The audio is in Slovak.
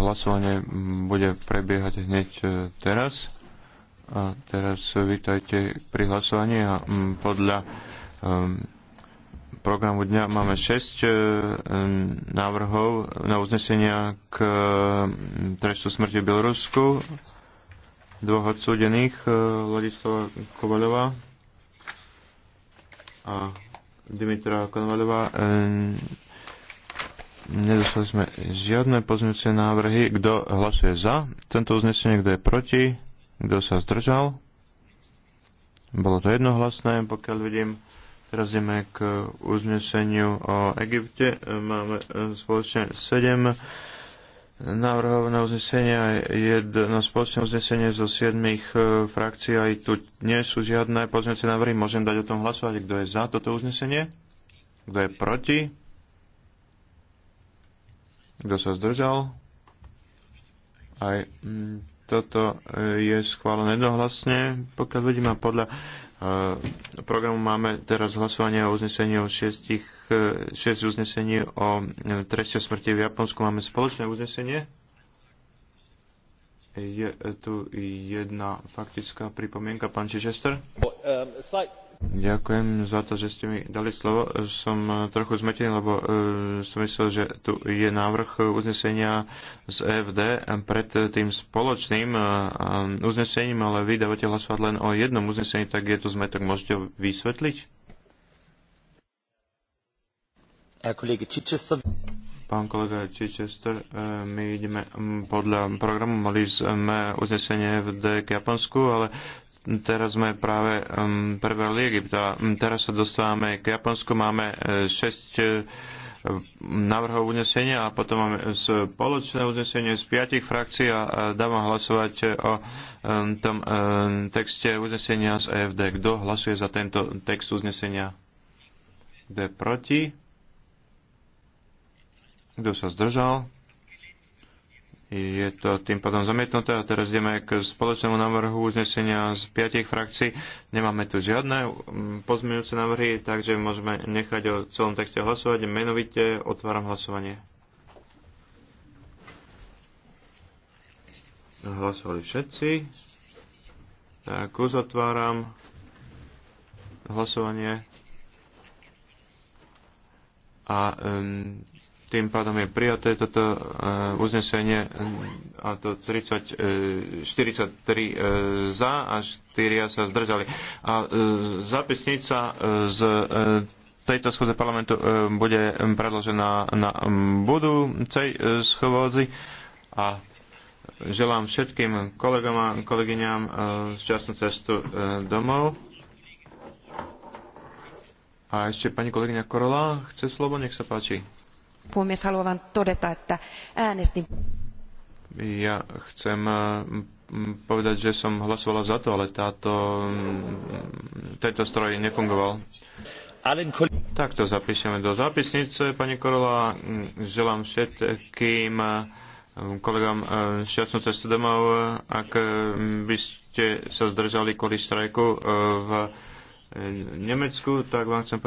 Hlasovanie bude prebiehať hneď e, teraz. A teraz vítajte pri hlasovaní a podľa programu dňa máme 6 e, návrhov na uznesenia k trestu smrti v Bielorusku dvoch odsúdených e, Ladislava Kovaľova a Dimitra Konvaľova Nedostali sme žiadne pozmeňujúce návrhy. Kto hlasuje za tento uznesenie, kto je proti, kto sa zdržal. Bolo to jednohlasné, pokiaľ vidím. Teraz ideme k uzneseniu o Egypte. Máme e, spoločne 7 návrhov na uznesenie a jedno spoločné uznesenie zo 7 e, frakcií. Aj tu nie sú žiadne pozmeňujúce návrhy. Môžem dať o tom hlasovať. Kto je za toto uznesenie? Kto je proti? Kto sa zdržal? Aj mm, toto e, je schválené jednohlasne. Pokiaľ vidíme podľa e, programu máme teraz hlasovanie o uznesení o šiestich, e, šest uznesení o trestie smrti v Japonsku. Máme spoločné uznesenie. Je tu jedna faktická pripomienka, pán Čižester. Um, Ďakujem za to, že ste mi dali slovo. Som eh, trochu zmetený, lebo eh, som myslel, že tu je návrh uznesenia z EFD pred tým spoločným eh, uznesením, ale vy dávate hlasovať len o jednom uznesení, tak je to zmetok. Môžete ho vysvetliť? Pán kolega Chichester, my ideme mm, podľa programu, mali sme uznesenie v e Japonsku, ale teraz sme práve um, prebrali Egypt a um, teraz sa dostávame k Japonsku, máme 6 e, e, návrhov uznesenia a potom máme spoločné uznesenie z piatich frakcií a dávam hlasovať e, o um, tom texte uznesenia z EFD. Kto hlasuje za tento text uznesenia? Kto je proti? Kto sa zdržal? je to tým pádom zamietnuté a teraz ideme k spoločnému návrhu uznesenia z piatich frakcií. Nemáme tu žiadne pozmeňujúce návrhy, takže môžeme nechať o celom texte hlasovať. Menovite otváram hlasovanie. Hlasovali všetci. Tak uzatváram hlasovanie. A um, tým pádom je prijaté toto e, uznesenie a to 30, 43 e, e, za a 4 sa zdržali. A zápisnica z tejto schôdze parlamentu bude predložená na budúcej schôdzi a želám všetkým kolegom a kolegyňam šťastnú cestu domov. A ešte pani kolegyňa Korola chce slovo, nech sa páči puhemies haluan todeta että äänestin ja chcem eh, povedať, že som hlasovala za to, ale táto, mm, tento stroj nefungoval. Tak to zapíšeme do zápisnice. Pani Korola, želám všetkým eh, kolegám eh, šťastnú cestu domov, ak by ste sa zdržali kvôli štrajku v Nemecku, tak vám chcem povedať,